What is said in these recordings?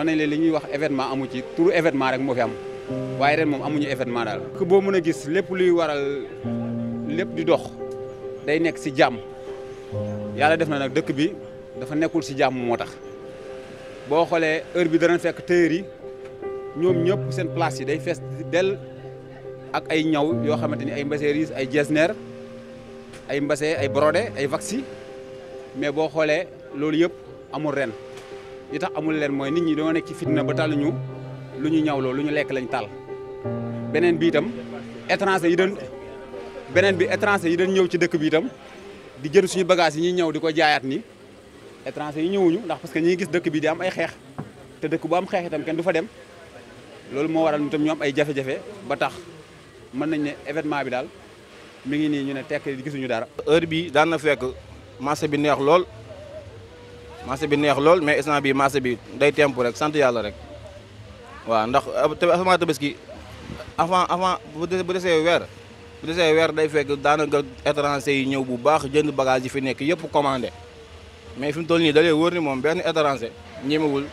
mën nañ leen li ñuy wax événement amu ci turu événement rek moo fi am waaye ren moom amuñu événement daal. boo mun a gis lépp luy waral lépp di dox day nekk si jàmm yàlla def na nag dëkk bi dafa nekkul si jàmm moo tax boo xoolee heure bi danañ fekk téer yi ñoom ñëpp seen place yi day fees del ak ay ñaw yoo xamante ni ay mbasseries ay jesner ay mbasse ay brodé ay vaxi mais boo xoolee loolu yëpp amul ren. li tax amul leen mooy nit ñi doo nekk ci fitna ba tàlluñu lu ñu ñawloo lu ñu lekk lañ tàll beneen bi itam étranger yi doon beneen bi étranger yi dañ ñëw ci dëkk bi itam di jël suñu bagage yi ñuy ñëw di ko jaayaat ni étranger yi ñëwuñu ndax parce que ñi gis dëkk bi di am ay xeex te dëkk bu am xeex itam kenn du fa dem loolu moo waral itam ñu am ay jafe-jafe ba tax mën nañ ne événement bi daal mu ngi nii ñu ne tekk di gisuñu dara. heure bi daan na fekk marché bi neex lool. marché bi neex lool mais instant bi marché bi day temp rek sant yàlla rek waaw ndax euh, avant tabaski avant avant bu desee weer bu weer day fekk daanaka étranger yi ñëw bu baax jënd bagage yi fi nekk yëpp commandé mais fi mu toll nii dalee wóor ni moom benn étranger ñemewul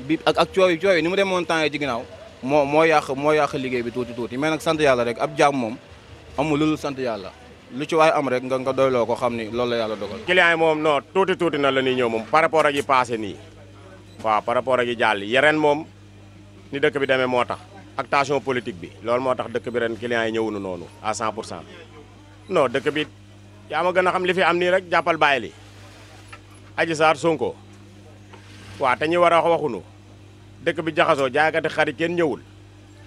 bi ak ak coow yi coow yi ni mu demoon temps yi ci ginnaaw moo moo yàq moo yàq liggéey bi tuuti tuuti mais nag sant yàlla rek ab jaam moom amul lu sant yàlla lu ci waay am rek nga nga doyloo ko xam ni loolu la yàlla dogal. client yi moom non tuuti tuuti na la ñuy ñëw moom par rapport ak yi passé nii waaw par rapport ak yi jàll yeneen moom ni dëkk bi demee moo tax ak tension politique bi loolu moo tax dëkk bi ren client yi ñëwunu noonu à 100 pour cent noo dëkk bi yaa ma gën a xam li fi am nii rek jàppal bàyyi li Adji Sarr Sonko waaw te ñi war a wax waxunu dëkk bi jaxasoo jaaykati xarit kenn ñëwul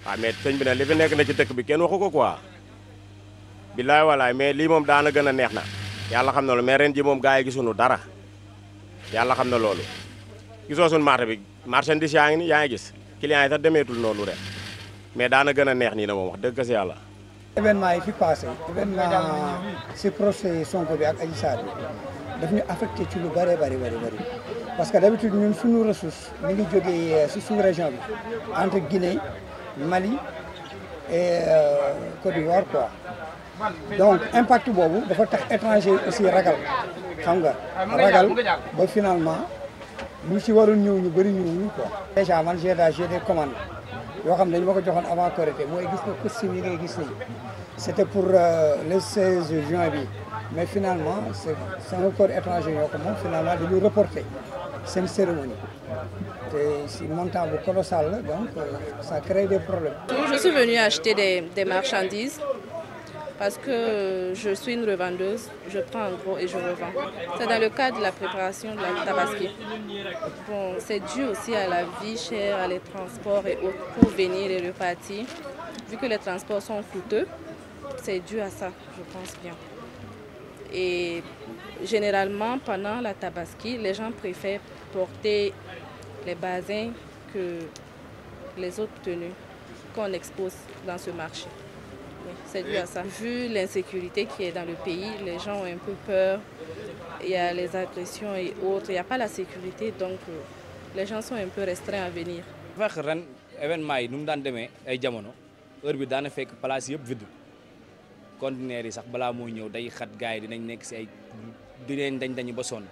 waaw mais sëñ bi nag li nekk na ci dëkk bi kenn waxu ko quoi billaay walaay mais lii moom a gën a neex na yàlla xam na loolu mais ren ji moom gars yi gisuñu dara yàlla xam na loolu gisoo suñu marché bi marchandise yaa ngi ni yaa ngi gis clients yi sax demeetul noonu ren mais daana gën a neex nii na moom wax dëgg si yàlla événement yi fi passé événement si procès Sonko bi ak Adji Sarr bi ñu affecté ci lu bëree bëri bëri bëri parce que d'habitude ñun suñu ressource ñu ngi jógee euh, si sous région bi entre Guinée Mali et euh, Côte donc impact boobu dafa tax étranger aussi ragal xam nga ragal ba finalement ñu ci waroon ñëw ñu bëri ñëwuñu quoi. déjà man j'ai des j'ai des commandes yoo xam ne dañu ma ko joxoon avant Korité mooy gis nga costume yi ngay gis nii c'était pour euh, le 16 juin bi mais finalement c'est c'est un corps étranger yoo ko moom finalement dañu reporté seen cérémonie si montant bu colossal la donc euh, ça crée des problèmes. je suis venue acheter des des marchandises. parce que je suis une revendeuse, je prends en gros et je revends. C'est dans le cadre de la préparation de la tabaski. Bon, c'est dû aussi à la vie chère, à les transports et autres pour venir et repartir. Vu que les transports sont coûteux, c'est dû à ça, je pense bien. Et généralement, pendant la tabaski, les gens préfèrent porter les basins que les autres tenues qu'on expose dans ce marché. oui. C'est dû à ça. Vu l'insécurité qui est dans le pays, les gens ont un peur. Il y les agressions et autres. Il n'y a pas la sécurité, donc euh, les gens sont un peu restreints à venir. fekk ren événement yi nu mu daan demee ay jamono heure bi daana fekk place yëpp vide conteneur yi sax balaa moo ñëw day xat gars yi dinañ nekk si ay dinañ dañ dañu ba sonn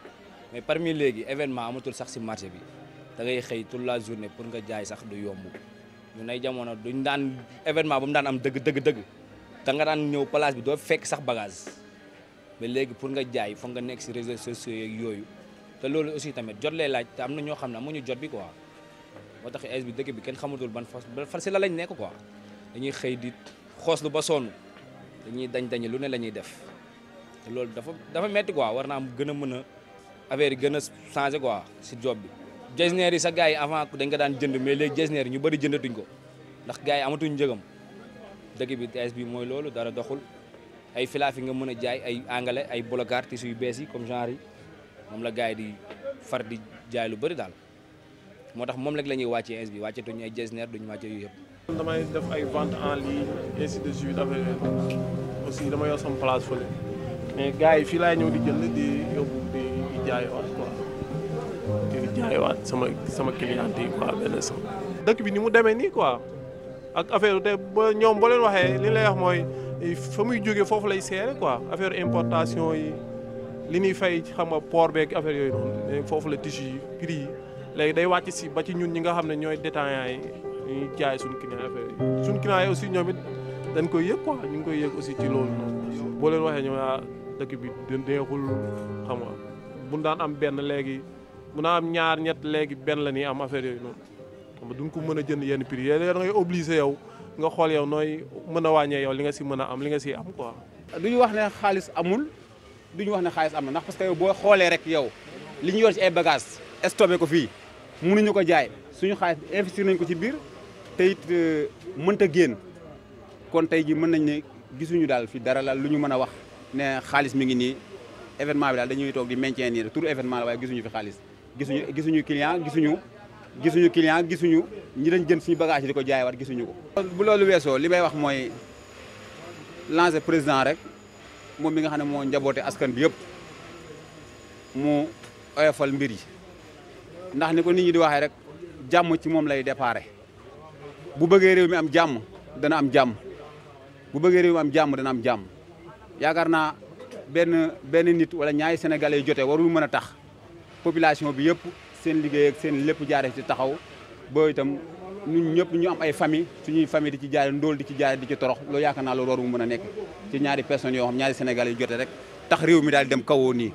mais parmi léegi événement amatul sax si marché bi da ngay xëy toute la journée pour nga jaay sax du yomb ñun ay jamono duñ daan événement ba mu daan am dëgg dëgg dëgg da nga daan ñëw place bi doo fekk sax bagage mais léegi pour nga jaay foog nga nekk si réseaux sociaux yeeg yooyu te loolu aussi tamit jot lee laaj te am na ñoo xam ne amuñu jot bi quoi moo tax es bi dëkk bi kenn xamatul ban far si la lañ nekk quoi dañuy xëy di xooslu ba sonn dañuy dañ dañu lu ne la ñuy def loolu dafa dafa metti quoi war naa am gën a mën a affaire yi gën a changé quoi si job bi. gestionnaire yi sa gars yi avant dañ ko daan jënd mais léegi gestionnaire yi ñu bëri jëndatuñ ko ndax gars yi amatuñ njëgam. dëkk bi tees bi mooy loolu dara doxul ay filaafi nga mën a jaay ay anglais ay bolokaar tissu yu bees yi comme genre yi moom la gars yi di far di jaay lu bëri daal moo tax moom rek lañuy wàcce wàccee ins bi wàcce tuñu ay gestionnaire duñu wàcce yu yëpp damay def ay vente en ligne ainsi de suite affaire aussi dama yor sama place fële mais gars yi fii laay ñëw di jënd di yóbbu di jaayiwaat quoi di jaayiwaat sama sama client yi quoi benn dëkk bi ni mu demee nii quoi ak affaire te ba ñoom boo leen waxee li lay wax mooy fa muy jógee foofu lay seere quoi affaire importation yi li ñuy fay xam nga port beeg affaire yooyu noonu foofu la tissu yi prix yi léegi day wàcc si ba ci ñun ñi nga xam ne ñooy détaillants yi ñuy jaay suñu client affaire yi aussi ñoom it dañ koy yëg quoi ñu ngi koy yëg aussi ci loolu noonu boo leen waxee ñoom yaa ah dëkk bi deexul xam nga bu daan am benn léegi mun naa am ñaar ñett léegi benn la ni am affaire yooyu noonu xam duñ ko mën a jënd yenn prix yooyu da ngay obligé yow nga xool yow nooy mën a wàññee yow li nga si mën a am li nga si am quoi. du ñu wax ne xaalis amul du ñu wax ne xaalis am na ndax parce que boo xoolee rek yow li ñu yor ci ay bagages stocké ko fii mënuñu ko jaay suñu xaalis investir nañ ko ci biir te it euh, mënta génn kon tey ji mën nañ ne gisuñu daal fi dara la lu ñu mën a wax ne xaalis mi ngi nii événement bi daal dañuy toog di maintenir tout événement la waaye gisuñu fi xaalis gisuñu gisuñu client gisuñu. gisuñu client gisuñu ñi dañ jënd suñu bagage di ko jaay war gisuñu ko bu loolu weesoo li may wax mooy lancer président rek moom mi nga xam ne moo njaboote askan bi yëpp mu oyofal mbir yi ndax ni ko nit ñi di waxee rek jàmm ci moom lay déparé bu bëggee réew mi am jàmm dana am jàmm bu bëggee réew am jàmm dana am jàmm yaakaar naa benn benn nit wala ñaari sénégalais jote warul mën a tax population bi yëpp seen liggéey ak seen lépp jaare ci taxaw ba itam nu ñëpp ñu am ay famille suñuy famille di ci jaare ndóol di ci jaare di ci torox loolu yaakaar naa loolu waru mu mën nekk ci ñaari personnes yoo xam ñaari Sénégal yu jote rek tax réew mi daal dem kawoo nii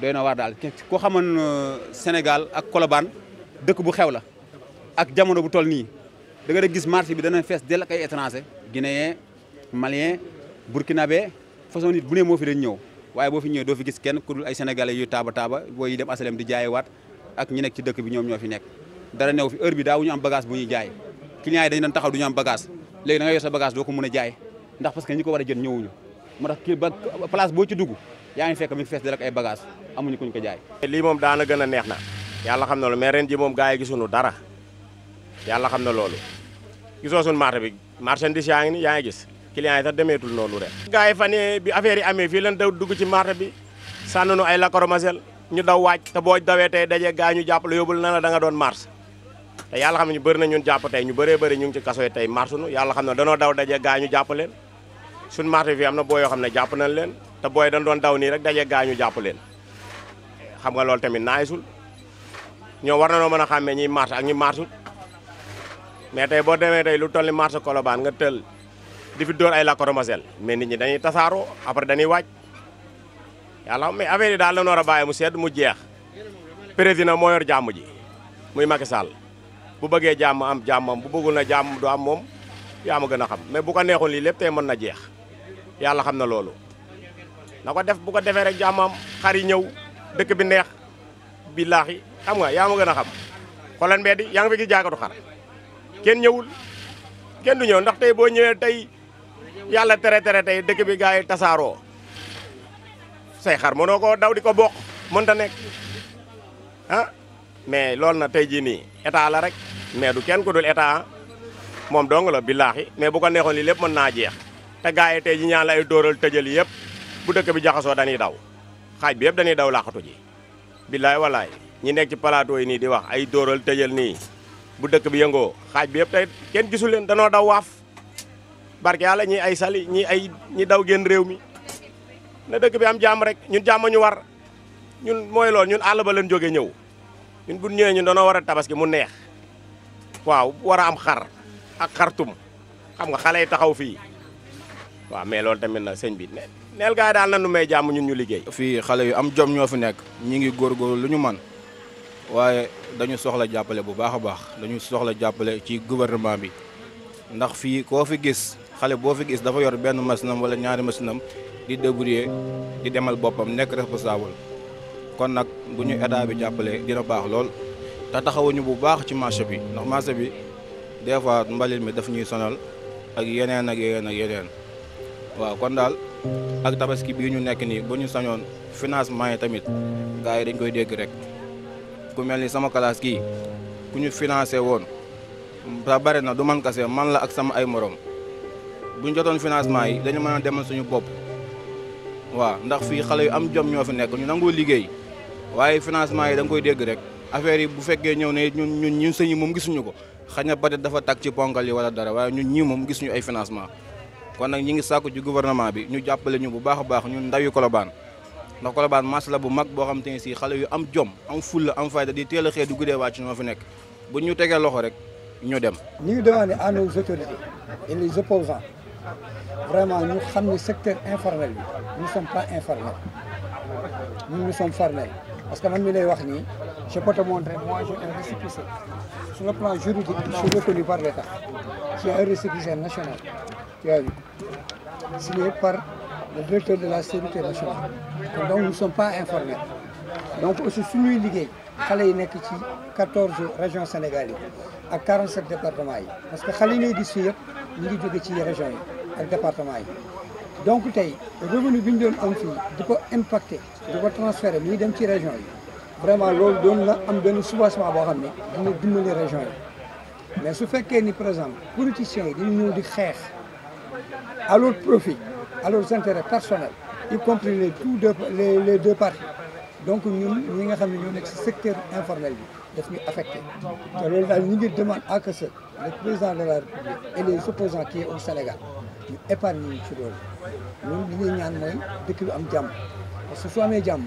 doy na waar daal ko xamoon euh, senegal ak Colobane dëkk bu xew la ak jamono bu tol nii da nga gis marché bi dana fees dell ak ay étranger guinéen malien burkinabé façon nit bu ne moo fi dañ ñëw waaye boo fi ñëwee doo fi gis kenn ku ay sénégalais yu taaba taaba booy ak ñi nekk ci dëkk bi ñoom ñoo fi nekk dara new fi heure bi daawuñu am bagage bu ñuy jaay client yi dañu doon taxaw duñu am bagage léegi da nga yor sa bagage doo ko mën a jaay ndax parce que ñi ko war a jënd ñëwuñu moo tax ba place boo ci dugg yaa ngi fekk mi fees dalak ay bagage amuñu kuñ ko jaay lii moom daana gën a neex na yàlla xam na loolu mais ren ji moom gars yi gisuñu dara yàlla xam na loolu gisoo suñu marché yaa ngi gis client ñu daw wàcc te boo dawee tey daje gaa ñu jàpp la yóbbul na danga doon mars te yàlla xam ne ñu bëri na ñun jàpp tey ñu bëree bëri ñu ngi ci kaso yi tey marsunu yàlla xam na danoo daw daje gaañu ñu jàpp leen suñ marché fii am na boo yoo xam ne jàpp nañ leen te booy dañ doon daw nii rek daje gaañu ñu jàpp leen xam nga loolu tamit naayisul ñoo war nanoo mën a xàmmee ñiy marché ak ñi marchut mais tey boo demee tey lu toll ni marché Colobane nga tël di fi dóor ay lacrymogène mais nit ñi dañuy tasaaroo après dañuy wàcc yàlla mais affaire yi daal la ñu war a bàyyi mu sedd mu jeex président moo yor jàmm ji muy Macky Sall bu bëggee jàmm am jàmmam bu bëggul na jàmm du am moom yaa ma gën a xam mais bu ko neexoon lii lépp tey mën na jeex yàlla xam na loolu. na ko def bu ko defee rek jàmmam xar yi ñëw dëkk bi neex bi billaahi xam nga yaa ma gën a xam xoolal mbedd yaa ngi fi gis jaakatu xar kenn ñëwul kenn du ñëw ndax tey boo ñëwee tey yàlla tere tere tey dëkk bi gars yi tasaaroo. say xar mënoo ko daw di ko bokk ta nekk ah mais loolu na tey jii nii état la rek mais du kenn ku dul état moom dong la billaahi mais bu ko neexoon lii lépp mën naa jeex te yi tey ji ñaan la ay dóoral tëjal yëpp bu dëkk bi jaxasoo dañuy daw xaaj bi yëpp dañuy daw laqatu ji billaay wallaay ñi nekk ci yi nii di wax ay dóoral tëjal nii bu dëkk bi yëngoo xaaj bi yëpp tey kenn gisul leen danoo daw waaf barke yàlla ñi ay sali ñii ay ñi daw génn réew mi na dëkk bi am jàmm rek ñun jàmm ñu war ñun mooy lool ñun àll ba leen jógee ñëw ñun bu ñëwee ñun danoo war a tabaski mu neex waaw war a am xar ak xartum xam nga xale yi taxaw fii waaw mais loolu tamit na sëñ bi neel gaa daal na nu may jàmm ñun ñu liggéey. fii xale yu am jom ñoo fi nekk ñi ngi góor góor lu ñu man waaye dañu soxla jàppale bu baax a baax dañu soxla jàppale ci gouvernement bi ndax fii koo fi gis xale boo fi gis dafa yor benn masinam wala ñaari masinam di débrouiller di demal boppam nekk responsable kon nag bu ñu état bi jàppalee dina baax lool te taxawuñu bu baax ci marché bi ndax marché bi des fois mbalit mi daf ñuy sonal ak yeneen ak yeneen ak yeneen waaw kon daal ak tabaski bi ñu nekk nii bu ñu sañoon financement yi tamit gars dañ koy dégg rek ku mel ni sama classe kii ku ñu financé woon sa bare na du man kase man la ak sama ay moroom bu ñu jotoon financement yi dañu mën a demal suñu bopp waaw ndax fii xale yu am jom ñoo fi nekk ñu nangoo liggéey waaye financement yi da koy dégg rek affaire yi bu fekkee ñëw ne ñun ñun ñun sëñ moom gisuñu ko xëy na peut dafa tag ci ponkal yi wala dara waaye ñun ñii moom gisuñu ay financement kon nag ñi ngi sàkku ci gouvernement bi ñu jàppale ñu bu baax a baax ñun ndaw yu Colobane ndax Colobane mas la bu mag boo xam ne si xale yu am jom am fulla am fayda di teel a xëy du guddee wàcc ñoo fi nekk bu ñu tegee loxo rek ñu dem ñu ngi a à nos autorités vraiment ñu xam ne secteur informel bi nous sommes pas informels ñun nous sommes formels parce que man mi lay wax nii je peux te montrer moi j'ai un récépissé sur le plan juridique je suis reconnu par l'État j'ai un récépissé national tu as vu signé par le directeur de la sécurité nationale donc nous ne sommes pas informels donc aussi suñuy liggéey xale yi nekk ci quatorze régions Sénégal yi ak quarante sept départements yi parce que xale yi ngay gis fii yëpp ñu ngi ci région yi ak département yi donc tey revenu bi doon am fii di ko impacté di ko dem ci région yi vraiment loolu doon na am benn soubassement boo xam ne dina dimbali région yi mais su fekkee ni par exemple politiciens yi dañu ñëw di xeex à leur profit à leurs intérêts personnels y compris les deux les les deux parties donc ñun ñi nga xam ne ñoo nekk si secteur informel bi daf ñu affecté te loolu daal ñu ngi demande à le président de la République et les opposants qui est au Sénégal ñu épargne ñu ci loolu loolu li ñuy ñaan mooy dëkk bi am jàmm parce que soo amee jàmm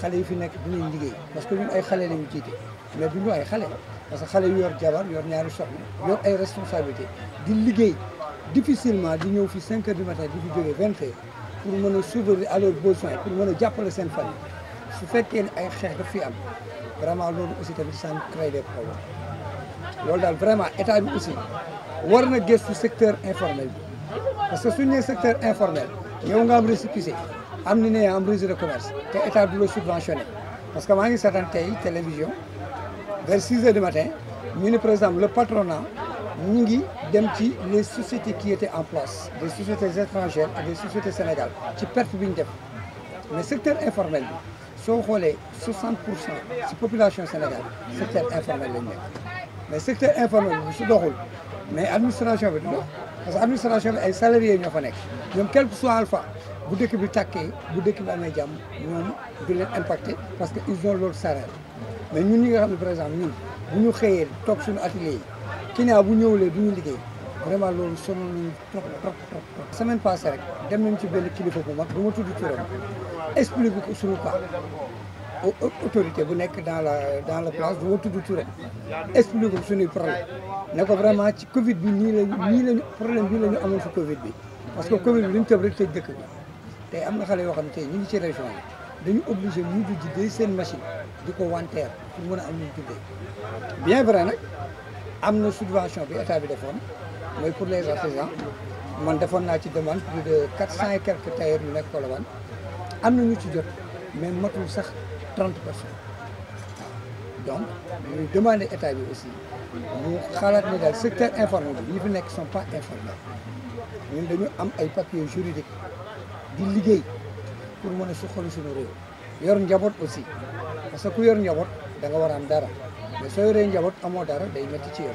xale yi fi nekk du dinañ liggéey parce que ñun ay xale lañu jiite mais du ñu ay xale parce que xale yu yor jabar yor ñaari soxna yor ay responsabilité di liggéey difficilement di ñëw fi 5 heures du matin di fi jógee 20 heures pour mën a soutenir à leurs besoins pour mën a jàppale seen fan su fekkee ne ay xeex daf fi am vraiment loolu aussi tamit ça crée des loolu daal vraiment état bi aussi war na gëstu secteur informel bi. parce que suñu nee secteur informel yow nga am récépissé am ni ne am registre de commerce te état du la subventionné parce que maa ngi seetaan tey télévision vers 6 heures du matin ñu ne par exemple le patronat ñu ngi dem ci les sociétés qui étaient en place des sociétés étrangères et des sociétés sénégal ci perte bi ñu def mais secteur informel bi soo xoolee 60 pour cent population Sénégal secteur informel lañ nekk mais secteur informel bi su doxul mais administration bi du parce que administration bi ay salariés ñoo fa nekk ñoom quel que soit alpha bu dëkk bi tàkkee bu dëkk bi amee jàmm ñoom du leen impacté parce que ils ont leur salaire mais ñun ñi nga xam ne par exemple ñun bu ñu xëyee toog suñu atelier yi client bu ñëwulee du ñu liggéey vraiment loolu sonal nañu trop trop trop semaine passée rek dem nañ ci benn kilifa bu mag bu ma tudd turam expliqué ko suñu cas autorité bu nekk dans la dans la place boo tudd Touré expliqué ko suñuy problème ne ko vraiment ci Covid bi nii lañu nii lañu problème bii la ñu amoon fi Covid bi parce que Covid bi li ñu tëb rek tëj dëkk bi tey am na xale yoo xam ne tey ñu ngi ci région yi dañu obligé ñu di jiddee seen machine di ko wanteer pour mën a am ñu jiddee bien vrai nag am na subvention bi état bi defoon mooy pour les artisans man defoon naa ci demande plus de quatre cent et quelques tailleurs yu nekk Colobane am na ñu ci jot mais matul sax 30 personnes donc ñu demandé état bi aussi mu xalaat ne daal secteur informel bi ñi fi nekk sont pas informels ñun dañu am ay papiers juridiques di liggéey pour mën a suqali suñu réew yor njaboot aussi parce que ku yor njaboot danga nga war a am dara mais soo yoree njaboot amoo dara day métti ci yor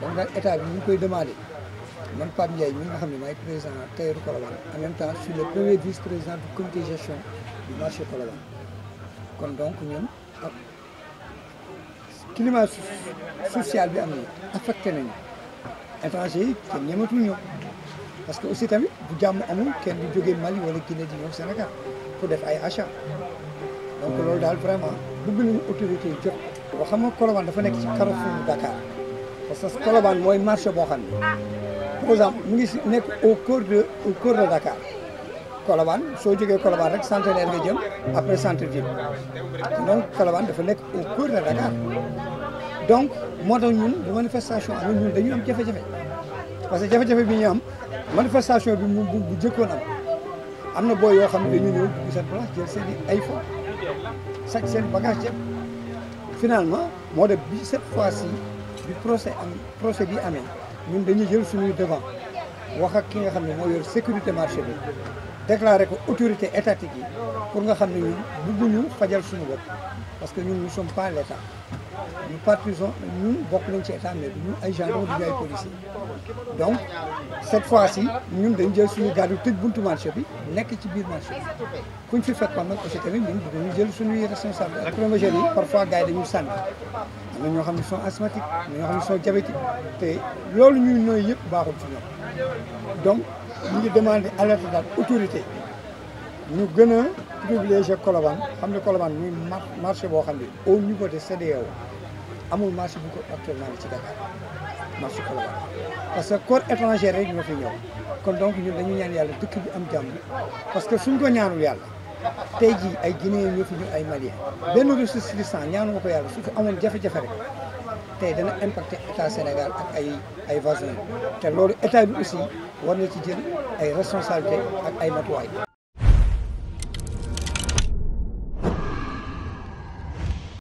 donc daal état bi ñu koy demande man Pape Ndiaye ñu nga xam ne maay président Taïru Colobane en même temps je suis le président du comité gestion du marché Colobane kon donc ñun climat social bi am na affecté nañu étranger kenn ñematul ñëw parce que aussi tamit bu jàmm amul kenn du jógee Mali wala Guinée di ñëw Sénégal pour def ay achat donc loolu daal vraiment bëgg nañu autorité yi jot boo xam dafa nekk ci carrefour Dakar parce que Colobane mooy marché boo xam ne par exemple mu ngi si nekk au cœur de Dakar Colobane soo jógee Colobane rek centenaire nga jëm après centre ville donc Colobane dafa nekk au cœur de Dakar donc moo tax ñun bu manifestation amee ñun dañu am jafe-jafe parce que jafe bi ñu am manifestation bi mu bu jëkkoon am na booy yoo xam ne dañu ñëw dugg seen place ay fo sax seen bagage jëpp finalement moo def bi cette fois am procès bi amee ñun dañuy jël suñuy devant wax ak ki nga xam ne moo yor sécurité marché bi déclaré ko autorité étatique yi pour nga xam ne ñun bëgguñu fajal suñu bopp parce que ñun nous sommes pas état ñu partisans ñun bokk nañ ci état mais ñu ay gendarme du ñu ay policier donc cette fois ci ñun dañu jël suñu garde tëj buntu marché bi nekk ci biir marché bi kuñ fi fekkoon nag aussi tamit ñun dañu jël suñuy responsable ak lacrymogène yi parfois gars yi dañuy sànni am na ñoo xam ne sont asthmatiques am na ñoo xam ne sont diabétiques te loolu ñuy nooy yëpp baaxul ci ñoom ñu ngi demandé alerte daal autorité ñu gën a privilégié Colobane xam ne Colobane muy marché boo xam ne au niveau de CEDEAO amul marché bu ko actuellement ni ci Dakar marché Colobane parce que corps étranger rek ñoo fi ñëw kon donc ñun dañu ñaan yàlla dëkk bi am jàmm parce que suñ ko ñaanul yàlla tey jii ay Guinéen ñoo fi ñu ay Malien benn ressource ñaanu ma ko yàlla su fi amoon jafe-jafe rek tey dana impacté état Sénégal ak ay ay voisins te loolu état bi aussi war na ci jël ay responsabilités ak ay matuwaay.